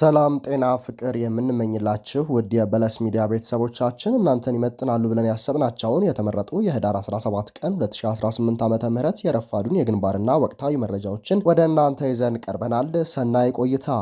ሰላም ጤና ፍቅር የምንመኝላችሁ ውድ የበለስ ሚዲያ ቤተሰቦቻችን እናንተን ይመጥናሉ ብለን ያሰብናቸውን የተመረጡ የህዳር 17 ቀን 2018 ዓ ም የረፋዱን የግንባርና ወቅታዊ መረጃዎችን ወደ እናንተ ይዘን ቀርበናል። ሰናይ ቆይታ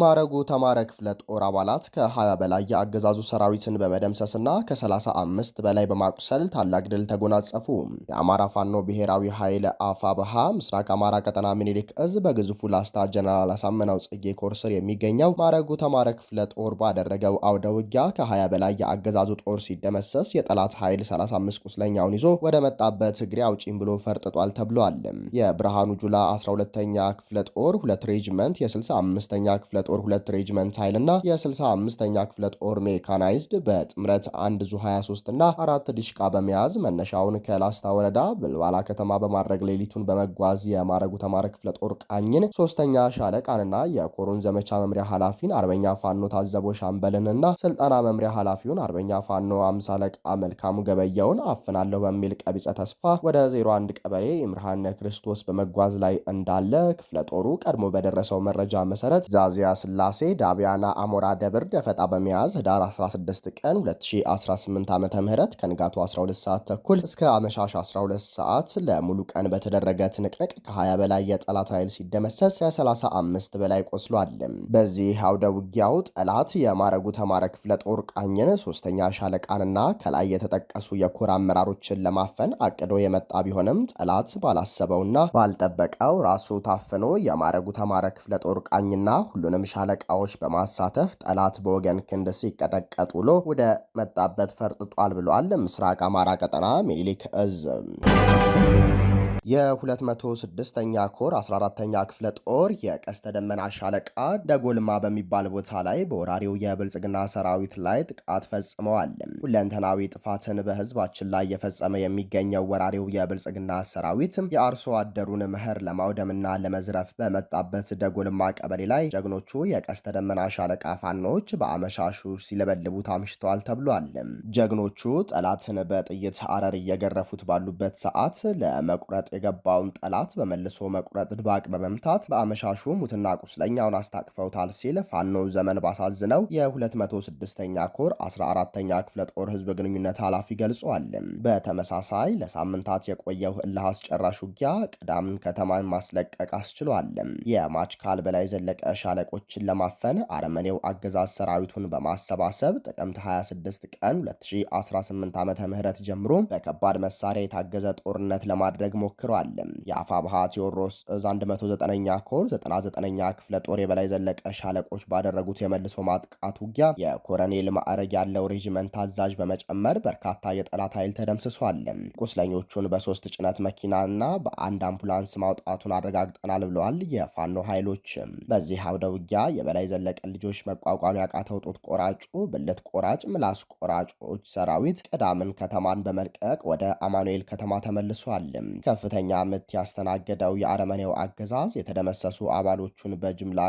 ማረጉ ተማረ ክፍለ ጦር አባላት ከ20 በላይ የአገዛዙ ሰራዊትን በመደምሰስና ከ35 በላይ በማቁሰል ታላቅ ድል ተጎናጸፉ። የአማራ ፋኖ ብሔራዊ ኃይል አፋብሃ ምስራቅ አማራ ቀጠና ሚኒሊክ እዝ በግዙፉ ላስታ ጀነራል አሳምነው ጽጌ ኮርስር የሚገኘው ማረጉ ተማረ ክፍለ ጦር ባደረገው አውደ ውጊያ ከ20 በላይ የአገዛዙ ጦር ሲደመሰስ የጠላት ኃይል 35 ቁስለኛውን ይዞ ወደ መጣበት እግሬ አውጪም ብሎ ፈርጥጧል ተብሏል። የብርሃኑ ጁላ 12ኛ ክፍለ ጦር ሁለት ሬጅመንት የ65ኛ ክፍለ ጦር ሁለት ሬጅመንት ኃይል እና የ65ኛ ክፍለ ጦር ሜካናይዝድ በጥምረት አንድ ዙ 23 እና አራት ዲሽቃ በመያዝ መነሻውን ከላስታ ወረዳ ብልባላ ከተማ በማድረግ ሌሊቱን በመጓዝ የማረጉ ተማረ ክፍለ ጦር ቃኝን ሶስተኛ ሻለቃንና የኮሩን ዘመቻ መምሪያ ኃላፊን አርበኛ ፋኖ ታዘቦ እና ስልጠና መምሪያ ኃላፊውን አርበኛ ፋኖ አምሳ አለቃ መልካሙ ገበየውን አፍናለሁ በሚል ቀቢጸ ተስፋ ወደ 01 ቀበሌ ይምርሃነ ክርስቶስ በመጓዝ ላይ እንዳለ ክፍለ ጦሩ ቀድሞ በደረሰው መረጃ መሰረት ዛዚያ ስላሴ ዳቢያና አሞራ ደብር ደፈጣ በመያዝ ህዳር 16 ቀን 2018 ዓ ም ከንጋቱ 12 ሰዓት ተኩል እስከ አመሻሽ 12 ሰዓት ለሙሉ ቀን በተደረገ ትንቅንቅ ከ20 በላይ የጠላት ኃይል ሲደመሰስ ከ35 በላይ ቆስሏል። በዚህ አውደ ውጊያው ጠላት የማረጉ ተማረ ክፍለ ጦር ቃኝን ሶስተኛ ሻለቃንና ከላይ የተጠቀሱ የኮር አመራሮችን ለማፈን አቅዶ የመጣ ቢሆንም ጠላት ባላሰበውና ባልጠበቀው ራሱ ታፍኖ የማረጉ ተማረ ክፍለ ጦር ቃኝና ሁሉንም የጎጃም ሻለቃዎች በማሳተፍ ጠላት በወገን ክንድ ሲቀጠቀጥ ውሎ ወደ መጣበት ፈርጥጧል ብሏል። ምስራቅ አማራ ቀጠና ሚኒሊክ እዝ የ206ኛ ኮር 14ኛ ክፍለ ጦር የቀስተ ደመና ሻለቃ ደጎልማ በሚባል ቦታ ላይ በወራሪው የብልጽግና ሰራዊት ላይ ጥቃት ፈጽመዋል። ሁለንተናዊ ጥፋትን በህዝባችን ላይ የፈጸመ የሚገኘው ወራሪው የብልጽግና ሰራዊት የአርሶ አደሩን ምህር ለማውደምና ለመዝረፍ በመጣበት ደጎልማ ቀበሌ ላይ ጀግኖቹ የቀስተ ደመና ሻለቃ ፋኖች በአመሻሹ ሲለበልቡ ታምሽተዋል ተብሏል። ጀግኖቹ ጠላትን በጥይት አረር እየገረፉት ባሉበት ሰዓት ለመቁረጥ የገባውን ጠላት በመልሶ መቁረጥ ድባቅ በመምታት በአመሻሹ ሙትና ቁስለኛውን አስታቅፈውታል ሲል ፋኖ ዘመን ባሳዝነው የ206ኛ ኮር 14ኛ ክፍለ ጦር ህዝብ ግንኙነት ኃላፊ ገልጿል። በተመሳሳይ ለሳምንታት የቆየው እልህ አስጨራሽ ውጊያ ቅዳምን ከተማን ማስለቀቅ አስችሏል። የማችካል በላይ ዘለቀ ሻለቆችን ለማፈን አረመኔው አገዛዝ ሰራዊቱን በማሰባሰብ ጥቅምት 26 ቀን 2018 ዓ ም ጀምሮ በከባድ መሳሪያ የታገዘ ጦርነት ለማድረግ ሞክ ተሞክሯል። የአፋ ባሃ ቴዎድሮስ እዝ 109ኛ ኮር 99ኛ ክፍለ ጦር የበላይ ዘለቀ ሻለቆች ባደረጉት የመልሶ ማጥቃት ውጊያ የኮረኔል ማዕረግ ያለው ሬጅመንት አዛዥ በመጨመር በርካታ የጠላት ኃይል ተደምስሷል። ቁስለኞቹን በሶስት ጭነት መኪና እና በአንድ አምቡላንስ ማውጣቱን አረጋግጠናል ብለዋል የፋኖ ኃይሎች። በዚህ አውደ ውጊያ የበላይ ዘለቀ ልጆች መቋቋም ያቃተው ጡት ቆራጩ፣ ብልት ቆራጭ፣ ምላስ ቆራጮች ሰራዊት ቅዳምን ከተማን በመልቀቅ ወደ አማኑኤል ከተማ ተመልሷል። ከፍተኛ ምት ያስተናገደው የአረመኔው አገዛዝ የተደመሰሱ አባሎቹን በጅምላ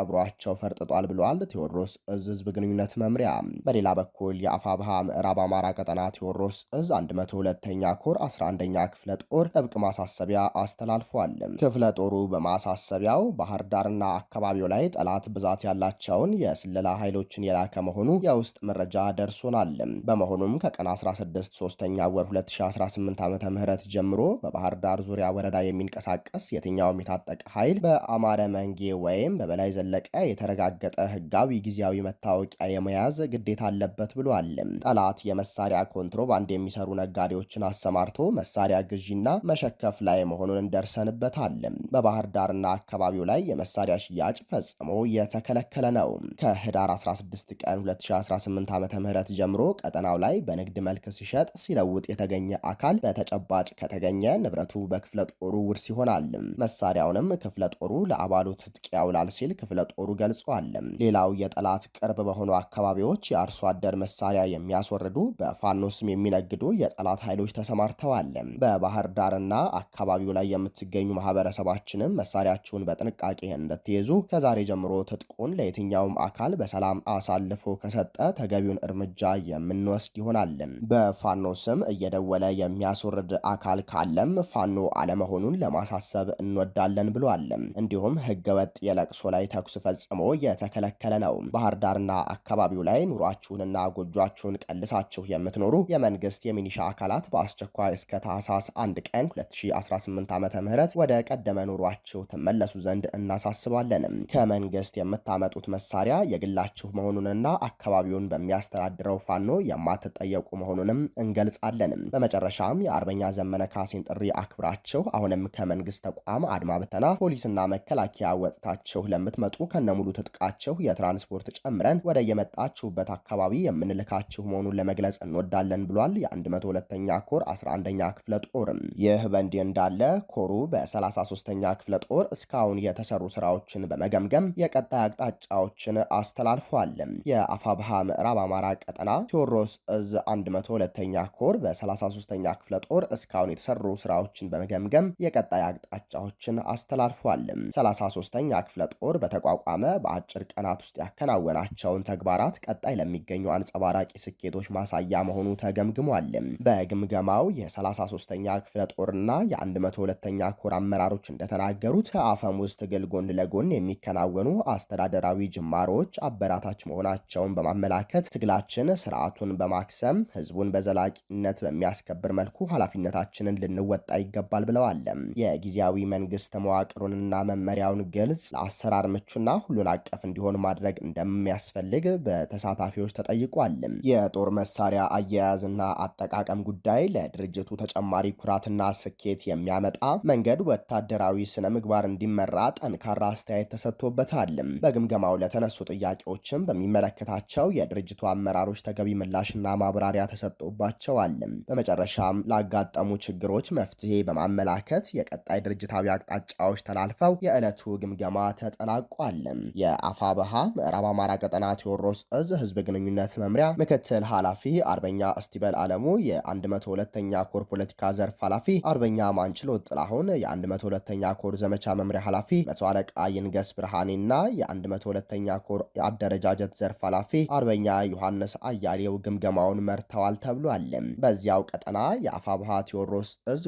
ቀብሯቸው ፈርጥጧል ብለዋል ቴዎድሮስ እዝ ህዝብ ግንኙነት መምሪያ። በሌላ በኩል የአፋብሃ ምዕራብ አማራ ቀጠና ቴዎድሮስ እዝ 102ኛ ኮር 11ኛ ክፍለ ጦር ጥብቅ ማሳሰቢያ አስተላልፏል። ክፍለ ጦሩ በማሳሰቢያው ባህር ዳርና አካባቢው ላይ ጠላት ብዛት ያላቸውን የስለላ ኃይሎችን የላከ መሆኑ የውስጥ መረጃ ደርሶናል። በመሆኑም ከቀን 16 3 ወር 2018 ዓ ም ጀምሮ በባህር ዳር ዳር ዙሪያ ወረዳ የሚንቀሳቀስ የትኛውም የታጠቀ ኃይል በአማረ መንጌ ወይም በበላይ ዘለቀ የተረጋገጠ ህጋዊ ጊዜያዊ መታወቂያ የመያዝ ግዴታ አለበት ብሏል። ጠላት የመሳሪያ ኮንትሮባንድ የሚሰሩ ነጋዴዎችን አሰማርቶ መሳሪያ ግዢና መሸከፍ ላይ መሆኑን እንደርሰንበታል። በባህር ዳርና አካባቢው ላይ የመሳሪያ ሽያጭ ፈጽሞ የተከለከለ ነው። ከህዳር 16 ቀን 2018 ዓ ም ጀምሮ ቀጠናው ላይ በንግድ መልክ ሲሸጥ ሲለውጥ የተገኘ አካል በተጨባጭ ከተገኘ ንብረቱ በክፍለ ጦሩ ውርስ ይሆናል። መሳሪያውንም ክፍለ ጦሩ ለአባሉ ትጥቅ ያውላል ሲል ክፍለ ጦሩ ገልጿል። ሌላው የጠላት ቅርብ በሆኑ አካባቢዎች የአርሶ አደር መሳሪያ የሚያስወርዱ በፋኖ ስም የሚነግዱ የጠላት ኃይሎች ተሰማርተዋል። በባህር ዳርና አካባቢው ላይ የምትገኙ ማህበረሰባችንም መሳሪያችሁን በጥንቃቄ እንድትይዙ ከዛሬ ጀምሮ ትጥቁን ለየትኛውም አካል በሰላም አሳልፎ ከሰጠ ተገቢውን እርምጃ የምንወስድ ይሆናል። በፋኖ ስም እየደወለ የሚያስወርድ አካል ካለም ፋኖ ፋኖ አለመሆኑን ለማሳሰብ እንወዳለን ብሏል። እንዲሁም ህገወጥ የለቅሶ ላይ ተኩስ ፈጽሞ የተከለከለ ነው። ባህር ዳርና አካባቢው ላይ ኑሯችሁንና ጎጇችሁን ቀልሳችሁ የምትኖሩ የመንግስት የሚኒሻ አካላት በአስቸኳይ እስከ ታህሳስ አንድ ቀን 2018 ዓ ም ወደ ቀደመ ኑሯችሁ ትመለሱ ዘንድ እናሳስባለን። ከመንግስት የምታመጡት መሳሪያ የግላችሁ መሆኑንና አካባቢውን በሚያስተዳድረው ፋኖ የማትጠየቁ መሆኑንም እንገልጻለን። በመጨረሻም የአርበኛ ዘመነ ካሴን ጥሪ አክብ አክብራችሁ አሁንም ከመንግስት ተቋም አድማ በተና ፖሊስና መከላከያ ወጥታቸው ለምትመጡ ከነሙሉ ትጥቃቸው የትራንስፖርት ጨምረን ወደ የመጣችሁበት አካባቢ የምንልካችሁ መሆኑን ለመግለጽ እንወዳለን ብሏል። የ102ኛ ኮር 11ኛ ክፍለ ጦርም ይህ በእንዲህ እንዳለ ኮሩ በ33ኛ ክፍለ ጦር እስካሁን የተሰሩ ስራዎችን በመገምገም የቀጣይ አቅጣጫዎችን አስተላልፏል። የአፋብሃ ምዕራብ አማራ ቀጠና ቴዎድሮስ እዝ 102ኛ ኮር በ33ኛ ክፍለ ጦር እስካሁን የተሰሩ ስራዎች ሁኔታዎችን በመገምገም የቀጣይ አቅጣጫዎችን አስተላልፏል። 33 33ኛ ክፍለ ጦር በተቋቋመ በአጭር ቀናት ውስጥ ያከናወናቸውን ተግባራት ቀጣይ ለሚገኙ አንጸባራቂ ስኬቶች ማሳያ መሆኑ ተገምግሟል። በግምገማው የ33ኛ ክፍለ ጦርና የ102ኛ ኮር አመራሮች እንደተናገሩት አፈሙዝ ትግል ጎን ለጎን የሚከናወኑ አስተዳደራዊ ጅማሮዎች አበራታች መሆናቸውን በማመላከት ትግላችን ስርዓቱን በማክሰም ህዝቡን በዘላቂነት በሚያስከብር መልኩ ኃላፊነታችንን ልንወጣ ይገባል ብለዋል። የጊዜያዊ መንግስት መዋቅሩንና መመሪያውን ግልጽ፣ ለአሰራር ምቹና ሁሉን አቀፍ እንዲሆን ማድረግ እንደሚያስፈልግ በተሳታፊዎች ተጠይቋል። የጦር መሳሪያ አያያዝና አጠቃቀም ጉዳይ ለድርጅቱ ተጨማሪ ኩራትና ስኬት የሚያመጣ መንገድ ወታደራዊ ስነ ምግባር እንዲመራ ጠንካራ አስተያየት ተሰጥቶበታል። በግምገማው ለተነሱ ጥያቄዎችም በሚመለከታቸው የድርጅቱ አመራሮች ተገቢ ምላሽና ማብራሪያ ተሰጥቶባቸዋል። በመጨረሻም ላጋጠሙ ችግሮች መፍትሄ ጊዜ በማመላከት የቀጣይ ድርጅታዊ አቅጣጫዎች ተላልፈው የዕለቱ ግምገማ ተጠናቋል። የአፋበሃ ምዕራብ አማራ ቀጠና ቴዎድሮስ እዝ ህዝብ ግንኙነት መምሪያ ምክትል ኃላፊ አርበኛ እስቲበል አለሙ፣ የ102ኛ ኮር ፖለቲካ ዘርፍ ኃላፊ አርበኛ ማንችሎ ጥላሁን፣ የ102ኛ ኮር ዘመቻ መምሪያ ኃላፊ መቶ አለቃ ይንገስ ብርሃኔና የ102ኛ ኮር የአደረጃጀት ዘርፍ ኃላፊ አርበኛ ዮሐንስ አያሌው ግምገማውን መርተዋል ተብሏል። በዚያው ቀጠና የአፋብሃ ቴዎድሮስ እዝ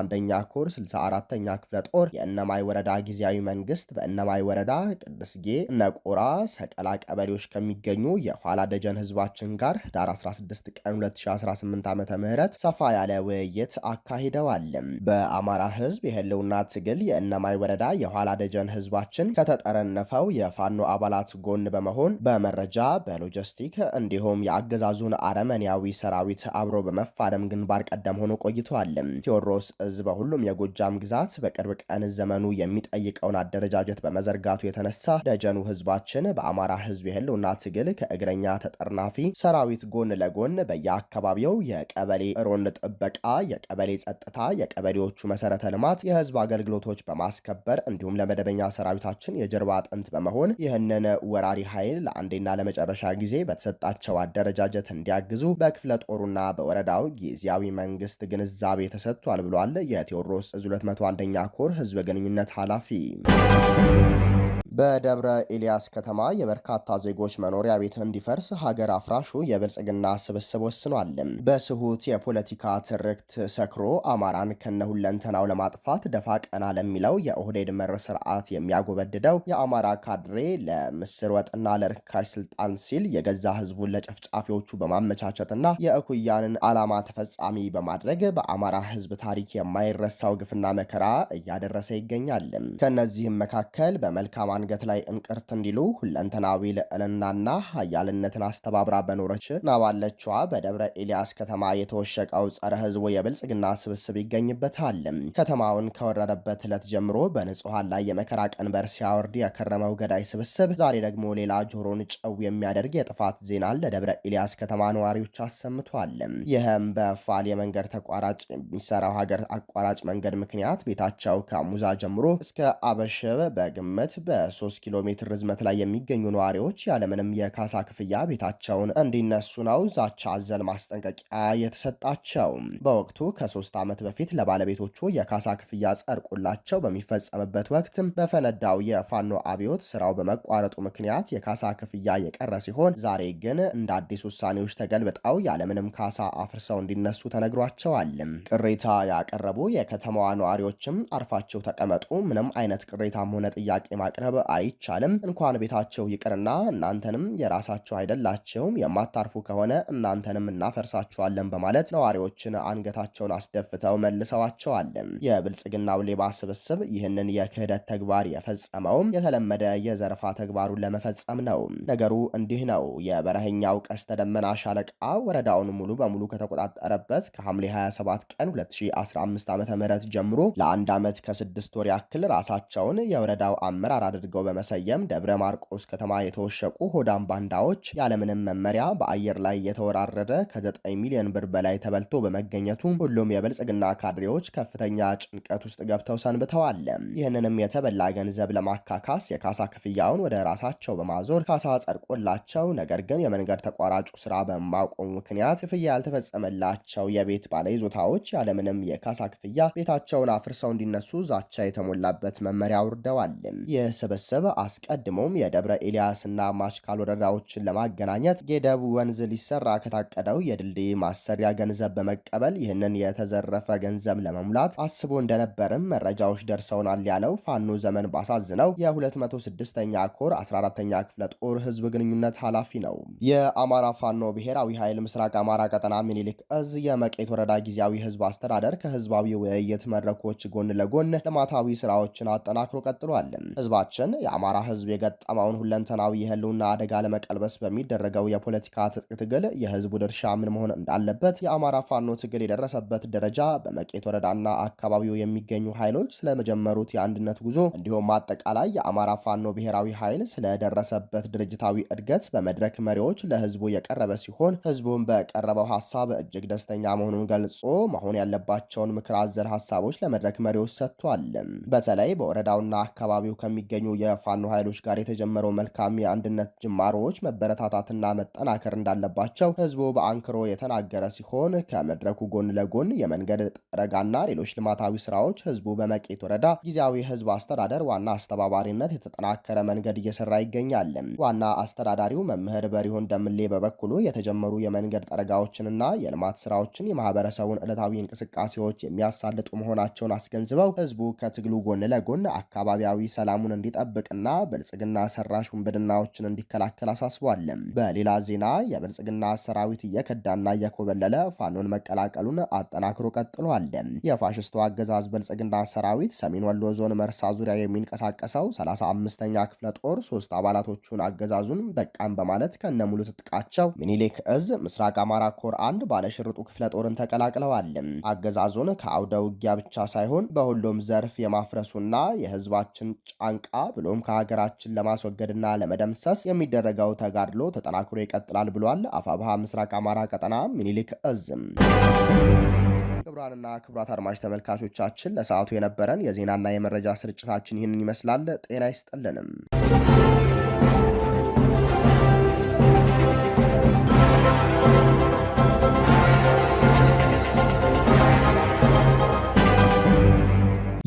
አንደኛ ኮር 64ኛ ክፍለ ጦር የእነማይ ወረዳ ጊዜያዊ መንግስት በእነማይ ወረዳ ጌ ነቆራ ሰቀላ ቀበሌዎች ከሚገኙ የኋላ ደጀን ህዝባችን ጋር ህዳር 16 ቀን 2018 ዓ ም ሰፋ ያለ ውይይት አካሂደዋል። በአማራ ህዝብ የህልውና ትግል የእነማይ ወረዳ የኋላ ደጀን ህዝባችን ከተጠረነፈው የፋኖ አባላት ጎን በመሆን በመረጃ በሎጂስቲክ እንዲሁም የአገዛዙን አረመኔያዊ ሰራዊት አብሮ በመፋለም ግንባር ቀደም ሆኖ ቆይተዋል። ቴዎድሮስ እዝ በሁሉም የጎጃም ግዛት በቅርብ ቀን ዘመኑ የሚጠይቀውን አደረጃጀት በመዘርጋቱ የተነሳ ደጀኑ ህዝባችን በአማራ ህዝብ የህልውና ትግል ከእግረኛ ተጠርናፊ ሰራዊት ጎን ለጎን በየአካባቢው የቀበሌ ሮንድ ጥበቃ፣ የቀበሌ ጸጥታ፣ የቀበሌዎቹ መሰረተ ልማት፣ የህዝብ አገልግሎቶች በማስከበር እንዲሁም ለመደበኛ ሰራዊታችን የጀርባ አጥንት በመሆን ይህንን ወራሪ ኃይል ለአንዴና ለመጨረሻ ጊዜ በተሰጣቸው አደረጃጀት እንዲያግዙ በክፍለ ጦሩና በወረዳው ጊዜያዊ መንግስት ግንዛቤ ተሰጥቷል ብሏል። የቴዎድሮስ እዝ 201ኛ ኮር ህዝበ ግንኙነት ኃላፊ በደብረ ኤልያስ ከተማ የበርካታ ዜጎች መኖሪያ ቤት እንዲፈርስ ሀገር አፍራሹ የብልጽግና ስብስብ ወስኗል። በስሁት የፖለቲካ ትርክት ሰክሮ አማራን ከነሁለንተናው ለማጥፋት ደፋ ቀና ለሚለው የኦህዴድ መር ስርዓት የሚያጎበድደው የአማራ ካድሬ ለምስር ወጥና ለርካሽ ስልጣን ሲል የገዛ ህዝቡን ለጨፍጫፊዎቹ በማመቻቸትና የእኩያንን ዓላማ ተፈጻሚ በማድረግ በአማራ ህዝብ ታሪክ የማይረሳው ግፍና መከራ እያደረሰ ይገኛል። ከእነዚህም መካከል በመልካም አንገት ላይ እንቅርት እንዲሉ ሁለንተናዊ ልዕልናና ሀያልነትን አስተባብራ በኖረች ናባለችዋ በደብረ ኤልያስ ከተማ የተወሸቀው ጸረ ህዝቡ የብልጽግና ስብስብ ይገኝበታል። ከተማውን ከወረደበት ዕለት ጀምሮ በንጹሐን ላይ የመከራ ቀንበር ሲያወርድ የከረመው ገዳይ ስብስብ ዛሬ ደግሞ ሌላ ጆሮን ጨው የሚያደርግ የጥፋት ዜናን ለደብረ ኤልያስ ከተማ ነዋሪዎች አሰምቷል። ይህም በፋል የመንገድ ተቋራጭ የሚሰራው ሀገር አቋራጭ መንገድ ምክንያት ቤታቸው ከሙዛ ጀምሮ እስከ አበሽብ በግምት በ 3 ኪሎ ሜትር ርዝመት ላይ የሚገኙ ነዋሪዎች ያለምንም የካሳ ክፍያ ቤታቸውን እንዲነሱ ነው ዛቻ አዘል ማስጠንቀቂያ የተሰጣቸው። በወቅቱ ከሶስት ዓመት በፊት ለባለቤቶቹ የካሳ ክፍያ ጸድቆላቸው በሚፈጸምበት ወቅት በፈነዳው የፋኖ አብዮት ስራው በመቋረጡ ምክንያት የካሳ ክፍያ የቀረ ሲሆን ዛሬ ግን እንደ አዲስ ውሳኔዎች ተገልብጠው ያለምንም ካሳ አፍርሰው እንዲነሱ ተነግሯቸዋል። ቅሬታ ያቀረቡ የከተማዋ ነዋሪዎችም አርፋቸው ተቀመጡ፣ ምንም አይነት ቅሬታም ሆነ ጥያቄ ማቅረብ አይቻልም። እንኳን ቤታቸው ይቅርና እናንተንም የራሳቸው አይደላቸውም። የማታርፉ ከሆነ እናንተንም እናፈርሳችኋለን በማለት ነዋሪዎችን አንገታቸውን አስደፍተው መልሰዋቸዋል። የብልጽግናው ሌባ ስብስብ ይህንን የክህደት ተግባር የፈጸመውም የተለመደ የዘረፋ ተግባሩን ለመፈጸም ነው። ነገሩ እንዲህ ነው። የበረሀኛው ቀስተ ደመና ሻለቃ ወረዳውን ሙሉ በሙሉ ከተቆጣጠረበት ከሐምሌ 27 ቀን 2015 ዓ ም ጀምሮ ለአንድ ዓመት ከስድስት ወር ያክል ራሳቸውን የወረዳው አመራር አድርገው አድርገው በመሰየም ደብረ ማርቆስ ከተማ የተወሸቁ ሆዳም ባንዳዎች ያለምንም መመሪያ በአየር ላይ የተወራረደ ከ9 ሚሊዮን ብር በላይ ተበልቶ በመገኘቱ ሁሉም የብልጽግና ካድሬዎች ከፍተኛ ጭንቀት ውስጥ ገብተው ሰንብተዋል። ይህንንም የተበላ ገንዘብ ለማካካስ የካሳ ክፍያውን ወደ ራሳቸው በማዞር ካሳ ጸድቆላቸው፣ ነገር ግን የመንገድ ተቋራጩ ስራ በማቆሙ ምክንያት ክፍያ ያልተፈጸመላቸው የቤት ባለይዞታዎች ያለምንም የካሳ ክፍያ ቤታቸውን አፍርሰው እንዲነሱ ዛቻ የተሞላበት መመሪያ አውርደዋል። ይህ ሲሰበሰብ አስቀድሞም የደብረ ኤልያስና ማሽካል ወረዳዎችን ለማገናኘት የደቡብ ወንዝ ሊሰራ ከታቀደው የድልድይ ማሰሪያ ገንዘብ በመቀበል ይህንን የተዘረፈ ገንዘብ ለመሙላት አስቦ እንደነበርም መረጃዎች ደርሰውናል ያለው ፋኖ ዘመን ባሳዝነው የ206ኛ ኮር 14ኛ ክፍለ ጦር ህዝብ ግንኙነት ኃላፊ ነው። የአማራ ፋኖ ብሔራዊ ኃይል ምስራቅ አማራ ቀጠና ሚኒሊክ እዝ የመቄት ወረዳ ጊዜያዊ ህዝብ አስተዳደር ከህዝባዊ ውይይት መድረኮች ጎን ለጎን ልማታዊ ስራዎችን አጠናክሮ ቀጥሏል። ህዝባችን መንግስትን የአማራ ህዝብ የገጠመውን ሁለንተናዊ የህልውና አደጋ ለመቀልበስ በሚደረገው የፖለቲካ ትጥቅ ትግል የህዝቡ ድርሻ ምን መሆን እንዳለበት የአማራ ፋኖ ትግል የደረሰበት ደረጃ፣ በመቄት ወረዳና አካባቢው የሚገኙ ኃይሎች ስለመጀመሩት የአንድነት ጉዞ እንዲሁም አጠቃላይ የአማራ ፋኖ ብሔራዊ ኃይል ስለደረሰበት ድርጅታዊ እድገት በመድረክ መሪዎች ለህዝቡ የቀረበ ሲሆን ህዝቡን በቀረበው ሀሳብ እጅግ ደስተኛ መሆኑን ገልጾ መሆን ያለባቸውን ምክር አዘል ሀሳቦች ለመድረክ መሪዎች ሰጥቷል። በተለይ በወረዳውና አካባቢው ከሚገኙ የፋኖ ኃይሎች ጋር የተጀመረው መልካም የአንድነት ጅማሮዎች መበረታታትና መጠናከር እንዳለባቸው ህዝቡ በአንክሮ የተናገረ ሲሆን ከመድረኩ ጎን ለጎን የመንገድ ጠረጋና ሌሎች ልማታዊ ስራዎች ህዝቡ በመቄት ወረዳ ጊዜያዊ ህዝብ አስተዳደር ዋና አስተባባሪነት የተጠናከረ መንገድ እየሰራ ይገኛል። ዋና አስተዳዳሪው መምህር በሪሁን ደምሌ በበኩሉ የተጀመሩ የመንገድ ጠረጋዎችንና የልማት ስራዎችን የማህበረሰቡን ዕለታዊ እንቅስቃሴዎች የሚያሳልጡ መሆናቸውን አስገንዝበው ህዝቡ ከትግሉ ጎን ለጎን አካባቢያዊ ሰላሙን እንዲጠ እንዲጠብቅና ብልጽግና ሰራሽ ውንብድናዎችን እንዲከላከል አሳስቧል። በሌላ ዜና የብልጽግና ሰራዊት እየከዳና እየኮበለለ ፋኖን መቀላቀሉን አጠናክሮ ቀጥሏል። የፋሽስቱ አገዛዝ ብልጽግና ሰራዊት ሰሜን ወሎ ዞን መርሳ ዙሪያ የሚንቀሳቀሰው 35ኛ ክፍለ ጦር ሶስት አባላቶቹን አገዛዙን በቃም በማለት ከነሙሉ ትጥቃቸው ሚኒሊክ እዝ ምስራቅ አማራ ኮር አንድ ባለሽርጡ ክፍለ ጦርን ተቀላቅለዋል። አገዛዙን ከአውደ ውጊያ ብቻ ሳይሆን በሁሉም ዘርፍ የማፍረሱና የህዝባችን ጫንቃ ብሎም ከሀገራችን ለማስወገድና ለመደምሰስ የሚደረገው ተጋድሎ ተጠናክሮ ይቀጥላል ብሏል። አፋብሃ ምስራቅ አማራ ቀጠና ሚኒሊክ እዝም። ክቡራንና ክቡራት አድማጭ ተመልካቾቻችን ለሰዓቱ የነበረን የዜናና የመረጃ ስርጭታችን ይህንን ይመስላል። ጤና ይስጥልንም።